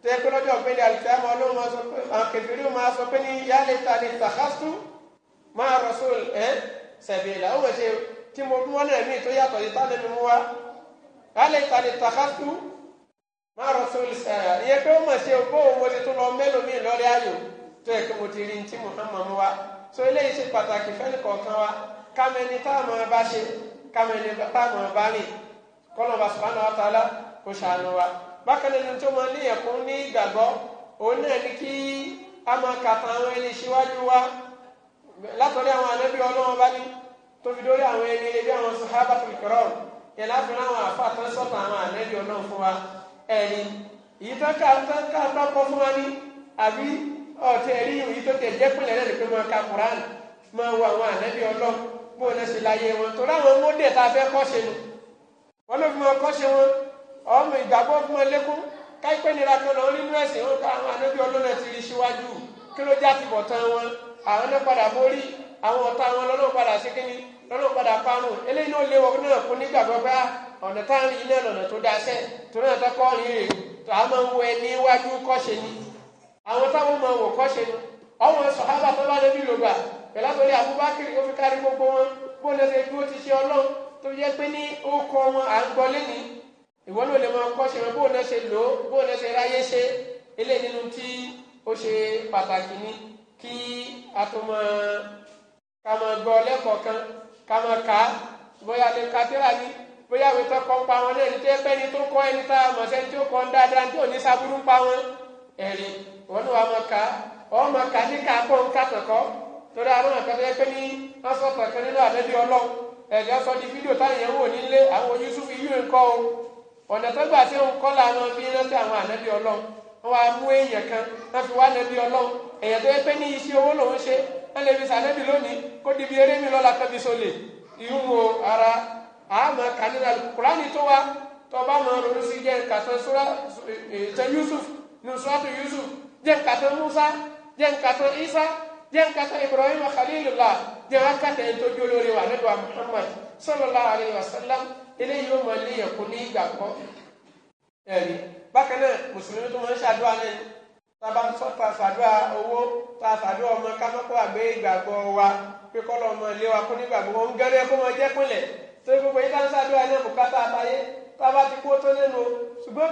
tó yẹ pé lọ́jọ́ ọ̀gbẹ́ni alìkẹ́mọ́ ọlọ́run máa sọ pé àwọn kẹfìrí máa sọ pé ní yálé ta ni tàkásù máa rọ̀ṣọ́ ẹ̀ sẹ̀bìlà ó wọ̀ ṣe tí mo mú wọn ẹ̀mí tó yàtọ̀ yìí tálẹ́ mi mú wa yálé ta ni tàkásù máa rọ̀ṣọ́ ẹ̀ yẹ pé ó mọ̀ ṣe bó o mo ti tún lọ mẹ́lòmíì lọ́rẹ́ ayò tó yẹ kí mo ti rí tí muhammadu wa so eléyìí ṣe pàtàkì fẹ́ni kọọkan wa kámẹ́ni táwọn ọba ṣe bá ṣàánú wa bákan nínú tó máa ní ẹ̀kún ní ìgbàgbọ́ òun náà ní kí a máa kàtà àwọn ẹni wa àwọn bá ní tóbi dórí àwọn ẹni ilé bí àwọn sahaba yẹn láti àwọn àfa wa ẹni ìyí tó ká ká ọtí ẹrí yìí tó tẹ jẹ pínlẹ lẹni pé máa ka Quran mo wo àwọn ànábì ọlọ bó lè ṣe láyé wọn tó láwọn mọdẹ tá a fẹ kọ ṣe nu wọn ló fi máa kọ ṣe wọn ọmọ ìgbàgbọ́ fún wọn lékún káyipẹ nira kan lọ nínú ẹsẹ wọn ká àwọn ànábì ọlọ́nà ti rí síwájú kí ló já ti bọ̀ tán wọn àwọn náà padà mórí àwọn ọ̀tá wọn lọ́nà padà ṣe kíni lọ́nà padà parun eléyìí náà léwọ náà kún nígbàgbọ́ bá ah, ọ̀nà táwọn iná lọ́nà tó dáṣẹ́ tó náà tó kọ́ rí rè àwọn táwọn máa wọ̀ kọ́ṣe ni àwọn sọ̀hábà tó bá débi yorùbá pẹ̀lú àtòrí Abubakar ó fi kárí gbogbo wọn bó lè ṣe dúró ti ṣe ọlọ́run tó yẹ pé ní ó kọ́ wọn à ń gbọ́ lẹ́ni ìwọ ló lè máa kọ́ṣe wọn bó lè ṣe lò ó bó lè ṣe ráyé ṣe eléyìí nínú tí ó ṣe pàtàkì ni kí a tó máa ká máa gbọ́ lẹ́kọ̀ọ́ kan ká máa kà á bóyá lè ka tíra ni bóyá àwọn ìtàn kan pa wọn náà ẹni tó yẹ pé ẹni tó kọ́ ẹni tá a mọ̀ sẹ́ni tó kọ́ ń dáadáa tí ò sábúrú pa wọn ẹ̀rín wọn ní wàá máa ka wọn máa ka ní kakọ́ ń kàtàkọ́ torí àwọn ọ̀nà kan tó yẹ pé ní wọ́n sọ kankan nínú àdébí ọlọ́run ẹ̀jẹ̀ sọ di fídíò táyà yẹn wò nílé àwọn Yusuf yìí ń kọ́ o ọ̀nà tó gbà tí ń kọ́ làwọn bí rántí àwọn ànábì ọlọ́run wọn wá mú èèyàn kan wọn fi wá ànábì ọlọ́run èèyàn tó yẹ pé ní iṣẹ́ owó lòún ṣe wọn lè fi sànábì lónìí kó di bí eré mi lọ́la kábi sọlẹ̀ ìhùn wo ara àmọ́ kanina kùránì tó wá tó bá mọ ronú sí jẹ́ kàtàn sọ́ra Yusuf ní sọ́tù Yusuf jẹ́ kata Musa jẹ́ kata Isa jẹ́ kata tán Ibrahim Khalilullah jẹ́ wọn kàtà ẹni tó jólórí wa nígbà Muhammad sallallahu alayhi wa sallam eléyìí yóò mọ iléyàn kó ní ìgbà kọ́ ẹ̀rí bákan náà mùsùlùmí tó máa ń ṣàdúrà náà tábà ń sọ ta ṣàdúrà owó ta ṣàdúrà ọmọ kámọ́kọ́ àgbé ìgbàgbọ́ wa pé kọ́lọ́ ọmọ ilé wa kó nígbàgbọ́ wọn ń gẹ́rẹ́ kó máa jẹ́ pínlẹ̀ tó yẹ gbogbo yìí ká ń ṣàdúrà náà kó kátà àtàyé tábà ti kó tó nínú ṣùgbọ́n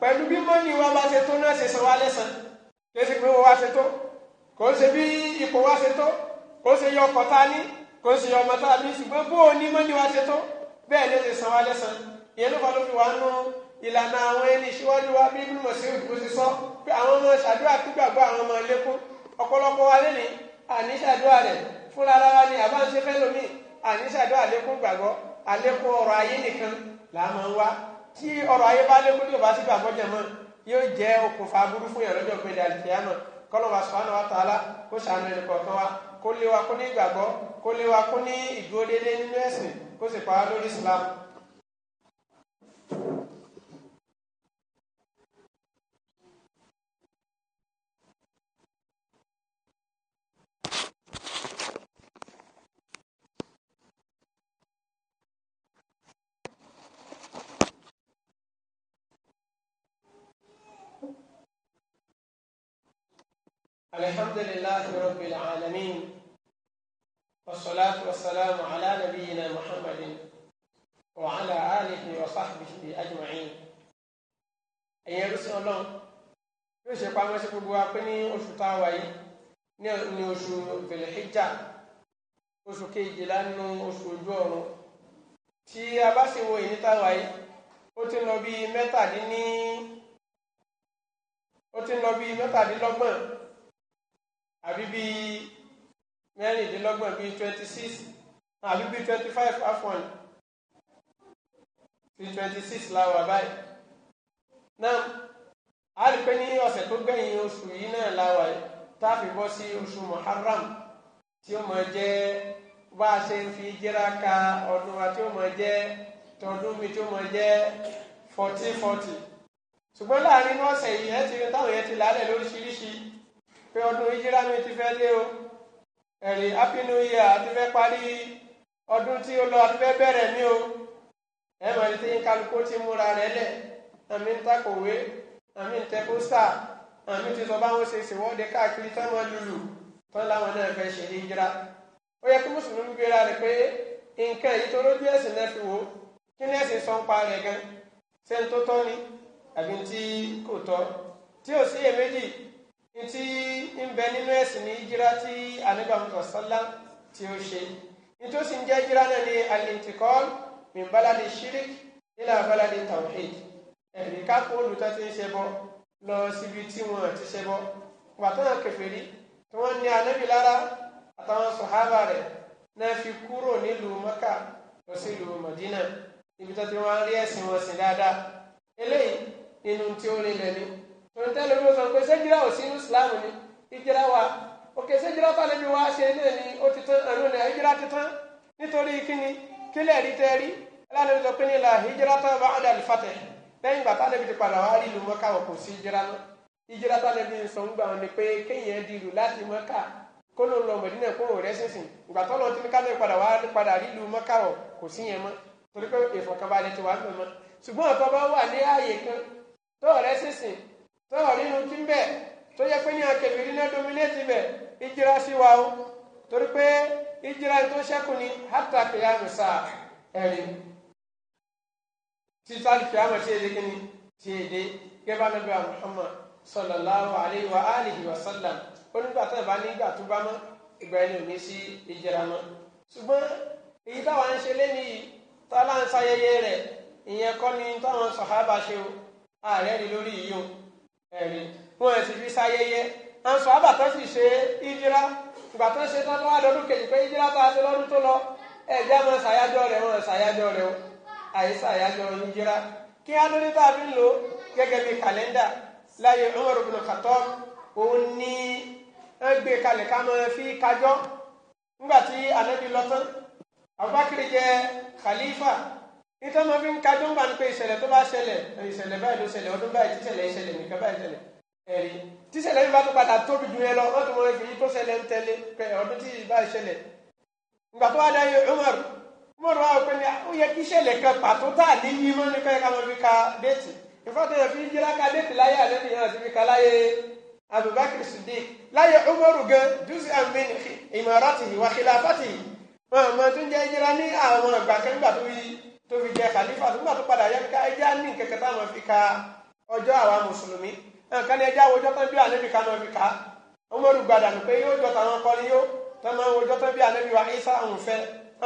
pẹ̀lú bí mọ́nì wa bá ṣe tó náà ṣe san wá lẹ́sàn kí ṣe pé wọ́n wá ṣe tó kò ṣe bí ipò wa ṣe tó kò ṣe yọ ọkọ̀ tá a ní kò ṣe yọ ọmọ tá a ní ṣùgbọ́n bó o ní mọ́nì wa ṣe tó bẹ́ẹ̀ ló ṣe san wá lẹ́sàn ìyẹn ló fà ló fi wà nù ìlànà àwọn ẹni ìṣíwájú wa bí bímọ sí òdìbò ti sọ pé àwọn ọmọ ṣàdúrà gbígbàgbọ́ àwọn ọmọ lẹ́kún ọ̀pọ̀lọpọ̀ wa lé ní àní ṣàdúrà rẹ̀ fúnra lára ni àbá ń ṣe fẹ́ lómi àní ṣàdúrà lẹ́kún gbàgbọ́ àlékún ọ̀rọ̀ ayé nìkan làá máa ń wá tí ọ̀rọ̀ ayé bá lékún ní òbá sí gbàgbọ́ jẹ̀ mọ́ yóò jẹ́ okùnfà aburú fún yàrá ọjọ́ gbẹ̀dẹ̀ àlìkìyàmọ̀ kọ́lọ́wà sùpánà wa tààlà kó sànù ẹnì kọ̀ọ̀kan wa kó lé wa kó ní ìgbàgbọ́ kó lé wa kó ní ìdúró déédéé nínú ẹ̀sìn kó sì pa á lórí Islam الحمد لله رب العالمين والصلاة والسلام على نبينا محمد وعلى آله وصحبه أجمعين ẹ̀yin ẹrúsìn Ọlọ́run yóò ṣe pamọ́ sí gbogbo wa pé ní oṣù tá a wà yìí ní oṣù Dhul-Hijja oṣù kejìlá nínú oṣù ojú ọ̀run tí a bá sì wo èyí tá a wà yìí ó ti ń lọ bíi mẹ́tàdínní ó ti ń lọ bíi mẹ́tàdínlọ́gbọ̀n àbí bíi mẹ́rìndínlọ́gbọ̀n bíi twenty six àbí bíi twenty five afọ́n bíi twenty six láwà báyìí náà a rí pé ní ọ̀sẹ̀ tó gbẹ̀yìn oṣù yìí náà láwà yìí tá a fi bọ́ sí oṣù muharram tí ó máa jẹ́ bá a ṣe ń fi jẹ́ra ka ọdún wa tí ó máa jẹ́ tọdún mi tí ó máa jẹ́ fourteen forty ṣùgbọ́n láàrin ọ̀sẹ̀ yìí ẹ ti rí táwọn yẹn ti lálẹ́ lóríṣiríṣi pé ọdún ìjírá mi ti fẹ́ lé o ẹ̀rí happy new year àti fẹ́ parí ọdún tí ó lọ àti fẹ́ bẹ̀rẹ̀ mi o ẹ mọ̀ ní tí ń kálukú ti múra rẹ̀ lẹ̀ àmì ń takòwé àmì ń tẹ pósítà àmì ti sọ báwọn ṣe ṣèwọ́de káàkiri tán wọn lùlù tán láwọn náà fẹ́ ṣe ìjírá ó yẹ kí mùsùlùmí gbéra rẹ̀ pé nǹkan èyí tó lójú ẹ̀sìn náà fi wò ó kí ni ẹ̀sìn sọ ń pa rẹ̀ gan ṣé ń tó tọ́ ni àbí tí kò tọ́ tí ò sí iyèméjì ntí ń bẹ nínú ẹ̀sìn ní ìjírá tí anábàmùtò sálá tí ó ṣe nítòsí ń jẹ́ ìjírá náà ní alintikọ́l min baladi shirik ila baladi tawhid ẹ̀rí kápò olùtọ́ ti ń ṣẹbọ lọ síbi tí wọ́n ti ṣẹbọ pàtó náà kèfèrí tí wọ́n ní anábì lára àtàwọn sọ̀hábà rẹ̀ náà fi kúrò nílùú mọ́kà lọ sí ìlú mọ̀dínà ibi tó ti wọ́n rí ẹ̀sìn wọn sìn dáadáa eléyìí nínú tí ó rí lẹ́ni tòun tẹ́lẹ̀ mi sọ pé sẹ́jìrá ò sínú Islam ni ìjìrá wa òkè sẹ́jìrá tàlẹ́ mi wa ṣe ilé ni o ti tán ẹ̀rú ni ìjìrá ti tán nítorí kíni kílẹ̀ rí tẹ́ rí ẹlẹ́ni mi sọ pé nílà ìjìrá tán bá ọ̀dà ìfàtẹ̀ lẹ́yìn gbàtà lẹ́bi ti padà wá rí ìlú mọ́ká wọ̀ kò sí ìjìrá náà ìjìrá tàlẹ́ mi sọ ń gbà wọn ni pé kéèyàn di ìlú láti mọ́ká kó ló ń lọ mọ̀dínà kó wò rẹ́ sísìn ìgbà tó lọ tí kálẹ̀ padà wá padà rí ìlú mọ́ká wọ̀ kò sí yẹn torí pé ìfọ̀kànbalẹ̀ ti wà ń bẹ̀ mọ́ ṣùgbọ́n bá wà ní ààyè kan tó rẹ́ sísìn tọ́ọ̀ nínú tí ń bẹ̀ tó yẹ pé ní akẹ́bìrì náà dominate bẹ̀ ìjìra sí wa o torí pé ìjìra tó ṣẹ́kù ni hátà kìyàmù sáà ẹ̀rí títà kìyàmù sí èdè kìíní ti èdè gẹ́gẹ́ bá nàbẹ́ Muhammad sallallahu alayhi wa alihi wa sallam onígbà tó bá nígbà tó bá mọ́ ìgbà ẹni ò ní sí ìjìra mọ́ ṣùgbọ́n èyí táwa ń ṣe lẹ́nu tọ́lá ń sayẹyẹ rẹ̀ ìyẹn kọ́ ni táwọn sàhábà ṣe o ààrẹ rí lórí yìí o ẹ̀rí wọn sì fi ṣayẹyẹ àwọn sọ àbàtà sì ṣe ìjírá ìgbà tó ń ṣe tán lọ́wọ́ àdọ́dún kejì pé ìjírá bá a ṣe lọ́dún tó lọ ẹ̀jẹ̀ àwọn ṣàyájọ́ rẹ̀ wọn ṣàyájọ́ rẹ̀ o àyè ṣàyájọ́ ìjírá kí á lórí tá a fi ń lò gẹ́gẹ́ bí kàlẹ́ndà láyé Umar ibn Khattab òun ní ẹgbẹ́ kalẹ̀ ká máa fi kájọ́ nígbà tí Ànábì lọ tán Abubakar jẹ khalifa nítorí wọn fi ń ka jọmba ni pé ìṣẹ̀lẹ̀ tó bá ṣẹlẹ̀ ìṣẹ̀lẹ̀ báyìí ló ṣẹlẹ̀ ọdún báyìí tíṣẹ̀lẹ̀ ìṣẹ̀lẹ̀ nìkan báyìí ṣẹlẹ̀ ẹ̀rí tíṣẹ̀lẹ̀ yìí bá tó padà tóbi ju yẹn lọ wọn tó wọn fi yí tó ṣẹlẹ̀ ń tẹ̀lé pé ọdún tí yìí báyìí ṣẹlẹ̀ ìgbà tó wá dá yẹ Umar Umar wa pé ní ó yẹ kí ìṣẹ̀lẹ̀ kan pàtó tá à ní yín mọ ní pé ká máa fi ka déètì ìfọ̀tẹ̀ yẹn fi yíra ka déètì láyé àlẹ́ nìyẹn ti fi ka láyé Abubakar Siddiq láyé Umar gan jùsí àmì ìmọ̀ràn tì wà kìlà fàtì wọn àmọ́ tó ń jẹ́ yíra ní àwọn àgbà kẹ́ńgbà tó fi jẹ khalifa nígbà tó padà yẹn ká ẹjẹ á ní kẹkẹ táwọn fi ka ọjọ́ àwa mùsùlùmí nǹkan ní ẹjẹ àwòjọ tán bí ànábì ká náà fi ka ọmọ olùgbàdà nù pé yóò jọ tàwọn kọrin yóò tán máa ń tán bí ànábì wa isa òun fẹ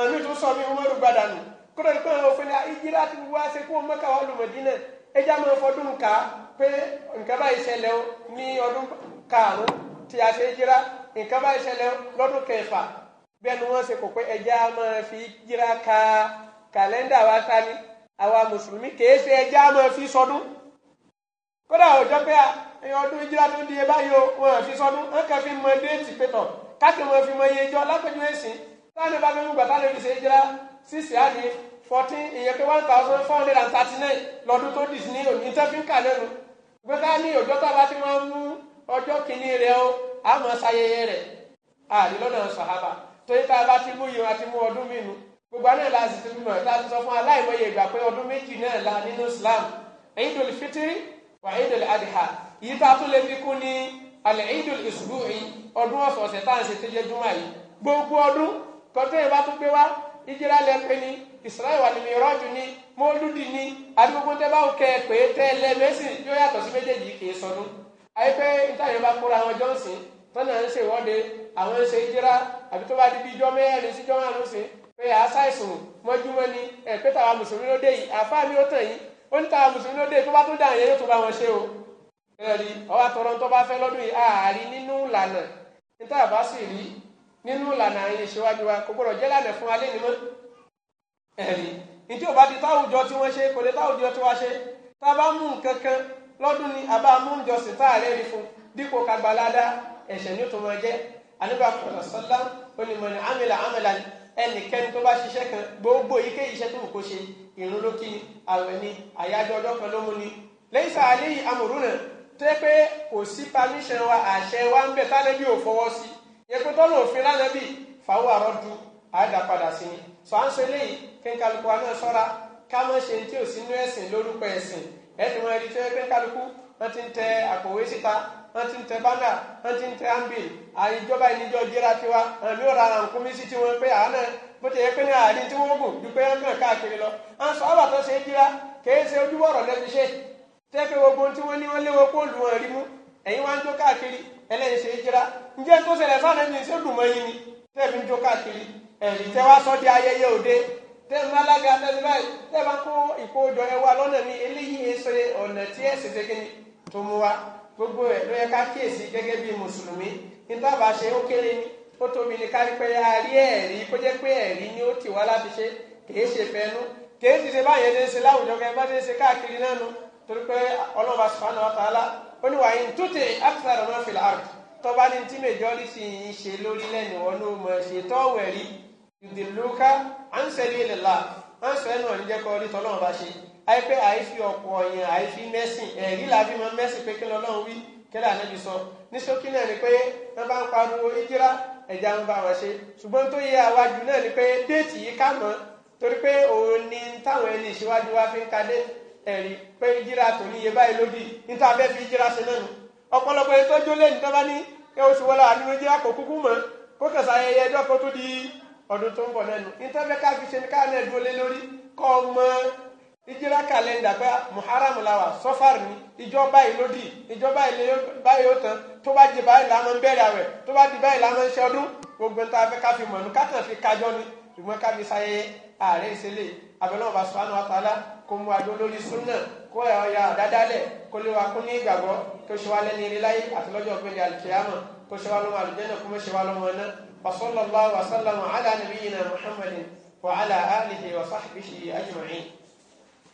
àmì tó sọ mí ọmọ olùgbàdà nù kúrò ní pé àwọn òfin ní ìjírá ti wá ṣe kó mọ́kà wà lùmọ̀dínà ẹjẹ máa fọdún ká pé nǹkan kàlẹ́ndà wa ta ni àwa mùsùlùmí kèé ṣe ẹjẹ́ á máa fi sọdún kódà òjọ pé ẹyọ ọdún ìjírá tó di ebá yóò wọn fi sọdún wọn kàn fi mọ déètì pétọ káàkiri wọn fi mọ iye ìjọ lápẹjù ẹsìn táwọn ìbá fẹẹ gbà táwọn ìbísẹ ìjírá sísè á fourteen ìyẹn pé one thousand four hundred and thirty nine lọ́dún tó dì sí ní òní tẹ́ fi ń kà lẹ́nu gbẹ́ká ní òjọ́ tá a bá ti máa mú ọjọ́ kìíní rẹ̀ o àmọ́ ṣayẹyẹ rẹ̀ àdìlọ́nà sàhábà torí tá a bá ti mú yìí wọn a ti mú ọdún mìíràn gbogbo alẹ́ la sì ti mọ̀ la ti sọ fún aláìmọye ìgbà pé ọdún méjì náà la nínú Islam Eidul Fitri wà Eidul Adha yìí tá a tún lè fi kún ní alẹ́ Eidul Isbu'i ọdún ọ̀sọ̀ọ̀sẹ̀ tá à ń ṣe tẹ́jẹ́ júmọ̀ yìí gbogbo ọdún kọ́tún yìí bá tún gbé wá ìjìlá lẹ pé ní Israel wà ní Mi'raj ní mọ́lúdì ní adigunbo tẹ́ bá kẹ́ ẹ pé tẹ́ ẹ lẹ mẹ́sìn yóò yàtọ̀ sí méjèèjì kì í sọnù àyẹ̀pẹ́ ìtàyẹ̀ bá kóra àwọn jọ́ǹsìn tọ́nà ń ṣèwọ́de àwọn ń ṣe ìjìlá àbí tó bá di bí ijọ́ mẹ́rin sí jọ́ márùn-ún sí ẹ àṣàìsùn mọ́júmọ́ ni ẹ pé tàwa mùsùlùmí ló dé yìí àfa mi ó tàn yín ó ní tàwa mùsùlùmí ló dé tó bá tún dà yẹn yóò tún bá wọn ṣe o ẹ̀rí ọwọ́ àtọ̀rọ̀ tó bá fẹ́ lọ́dún yìí ààrí nínú ìlànà níta àbá sì rí nínú ìlànà àyè ìṣèwájú wa kò gbọ́dọ̀ jẹ́ lànà fún alẹ́ nìmọ́ ẹ̀rí ìdí òbá ti táwùjọ tí wọ́n ṣe kò lè táwùjọ tí wọ́n ṣe tá a bá mú nǹkan kan lọ́dún a bá mú ìjọsìn tá a rẹ́ rí fún dípò kagbalada ẹ̀ṣẹ̀ ní ó tó máa jẹ́ àníbàkọ̀ọ̀sán lá ó ní mọ̀ ní amẹ́là amẹ́là ni ẹnikẹ́ni tó bá ṣiṣẹ́ kan gbogbo ike iṣẹ́ tó wù kó ṣe ìrun àwẹ̀ ni àyájọ́ ọjọ́ kan tó yẹ pé kò wa àṣẹ wa ń bẹ tánẹ́bí ò fọwọ́ sí yẹ pé tọ́nà òfin lánàbí fàwọn àrọ́jú sí ni sọ à ń sọ eléyìí kí n kálukú wa náà sọ́ra ká má ṣe tí ò sínú ẹ̀sìn lórúkọ ẹ̀sìn wọ́n ti ń tẹ bánà wọ́n ti ń tẹ ambil àìjọba ìníjọ jẹ́ra tiwa àmì ọ̀rọ̀ ara nǹkan mi sí tiwọn pé àánà bó ti yẹ pé ní àárín tí wọ́n gùn ju pé wọ́n gbọ̀n káàkiri lọ à ń sọ ọ́bà tó ṣe é jíra kèé ṣe ojúwọ̀rọ̀ lẹ́nu ṣe tẹ́pẹ́ gbogbo tí wọ́n ní wọ́n léwo póòlù wọn rí mú ẹ̀yin wá jó káàkiri ẹlẹ́yin ṣe é jíra ǹjẹ́ tó ṣẹlẹ̀ sáà ní ṣé dùn yín ni tẹ́ẹ̀mí ń jó káàkiri ẹ̀rí tẹ́ wá sọ di ayẹyẹ òde tẹ́ẹ̀mí alága tẹ́ẹ̀mí báyìí tẹ́ẹ̀ bá kó ìkójọ ẹwà lọ́nà mi eléyìí ṣe ọ̀nà tí ẹ̀ ṣe ni tó mú wa gbogbo ẹ̀ ló yẹ ká kíyèsí gẹ́gẹ́ bí mùsùlùmí nígbà bá ṣe ó kéré ni ó tóbi ni kárí pé a rí ẹ̀rí kó jẹ́ pé ẹ̀rí ni ó tì wá láti ṣe kìí ṣe fẹnu kìí ti ṣe báyẹn ṣe ṣe láwùjọ kẹ bá ṣe ṣe káàkiri náà nu torí pé ọlọ́ba subhanahu wa ta'ala ó ní wàá yín tútì akthar ma fil ard tọ́ba ní tí majority yìí ṣe lórí lẹ́nu wọn ló mọ̀ ṣe tọ́wọ̀ ẹ̀rí ìdìlúkà à ń ṣẹ́lẹ̀ ilẹ̀ la à ń sọ ẹnu ọ̀ àìpé àìfi ọ̀pọ̀ ọ̀yàn àìfi mẹ́sìn ẹ̀rí làbí mọ mẹ́sìn pé kí lọ́lọ́run wí kí lè ànábi sọ ní ṣókí náà ni pé wọ́n bá ń pariwo ìjírá ẹ̀já ń bá wọn ṣe ṣùgbọ́n tó yẹ àwájú náà ni pé déètì yìí ká mọ́ torí pé òun ni táwọn ẹni ìṣíwájú wa fi ń kadé ẹ̀rí pé ìjírá tó níye báyìí lódì níta abẹ́ fi ìjírá ṣe náà nù ọ̀pọ̀lọpọ̀ ètò jólè ní tọ́ba ní oṣù wọlé àdúgbò ìjírá kò kúkú mọ́ kó kẹsà ayẹyẹ ẹjọ́ kó tó di ọdún tó ń bọ̀ náà nù níta abẹ́ ká fi ṣe ní káà náà dúró lé lórí kọ́ ọmọ ìjìlá kàlẹ́ndà pé muharam làwà sọ́fàr ni ìjọ báyìí ló dì ìjọ báyìí ó tán tó bá di báyìí la máa ń bẹ̀rẹ̀ àwẹ̀ tó bá di báyìí la máa ń ṣe ọdún gbogbo ń ta fẹ́ ká fi mọ̀nù kákan fi kájọ́ ni ṣùgbọ́n ká fi ṣayẹyẹ ààrẹ ìṣẹ̀lẹ̀ abẹ́lẹ́ ọba subhanahu wa ta'ala kó mu àjọ lórí súnà kó ẹ̀ ọ̀ya àdádálẹ̀ kó lè wa kó ní ìgbàgbọ́ tó ṣe wá lẹ́ni eré láyé